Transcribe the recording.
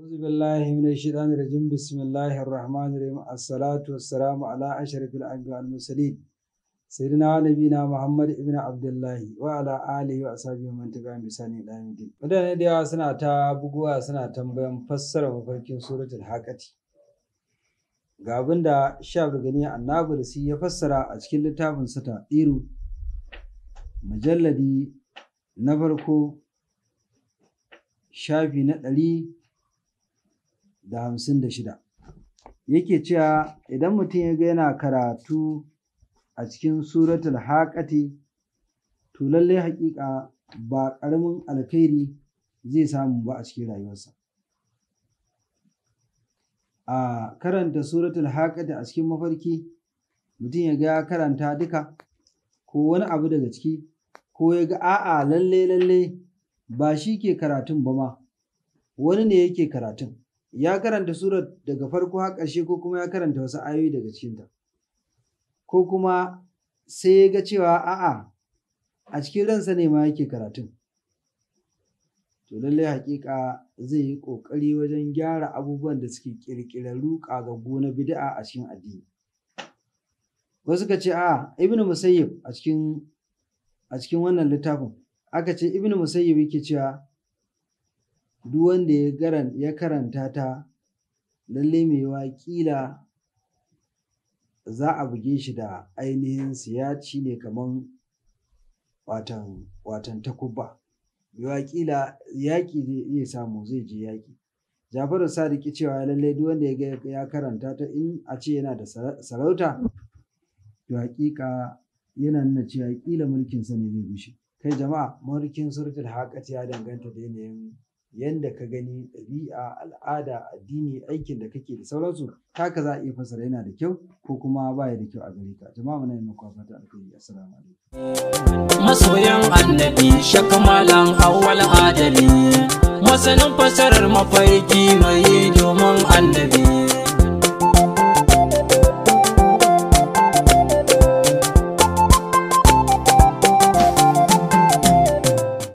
أعوذ بالله من الشيطان الرجيم بسم الله الرحمن الرحيم الصلاة والسلام على أشرف الأنبياء والمرسلين سيدنا نبينا محمد ابن عبد الله وعلى آله وأصحابه من تبعهم بإحسان إلى يوم الدين. da yawa suna ta buguwa suna tambayan fassara mafarkin suratul Haqati. Ga da sha Shahab Gani Annabulsi ya fassara a cikin littafin sa ta mujalladi na farko shafi na ɗari da hamsin da shida yake cewa idan mutum ya ga yana karatu a cikin suratul haƙati to lallai haƙiƙa ba ƙaramin alkhairi zai samu ba a cikin rayuwarsa a karanta suratul haƙati a cikin mafarki mutum ya ga ya karanta duka ko wani abu daga ciki ko ya ga a'a lallai-lallai, ba shi ke karatun ba ma wani ne yake karatun ya karanta surat daga farko har ƙarshe ko kuma ya karanta wasu ayoyi daga cikinta ko kuma sai ya ga cewa a'a a cikin ransa ne ma yake karatun to lallai hakika zai yi ƙoƙari wajen gyara abubuwan da suke ƙirƙirarru ƙagaggu na bid'a a cikin addini wasu ka ce a ibnu musayyib a cikin a cikin wannan littafin aka ce ibnu musayyib yake cewa duk wanda ya karanta ta lallai mai yiwa za a buge shi da ainihin siyaci ne kamar watan watan takubba yiwa kila yaƙi zai samu zai je yaƙi jafaru sadiki cewa lalle duk wanda ya karanta ta in a ce yana da sarauta to hakika yana nuna cewa kila sa ne zai gushe kai jama'a mulkin surtul haƙati ya danganta da yanayin yanda ka gani ɗabi'a al'ada addini aikin da kake da sauransu haka za a iya fasara yana da kyau ko kuma baya da kyau a gare ka jama'a muna yi maka fata alkhairi assalamu alaikum masoyan annabi shakamalan awwal adali masanin fasarar mafarki mai domin annabi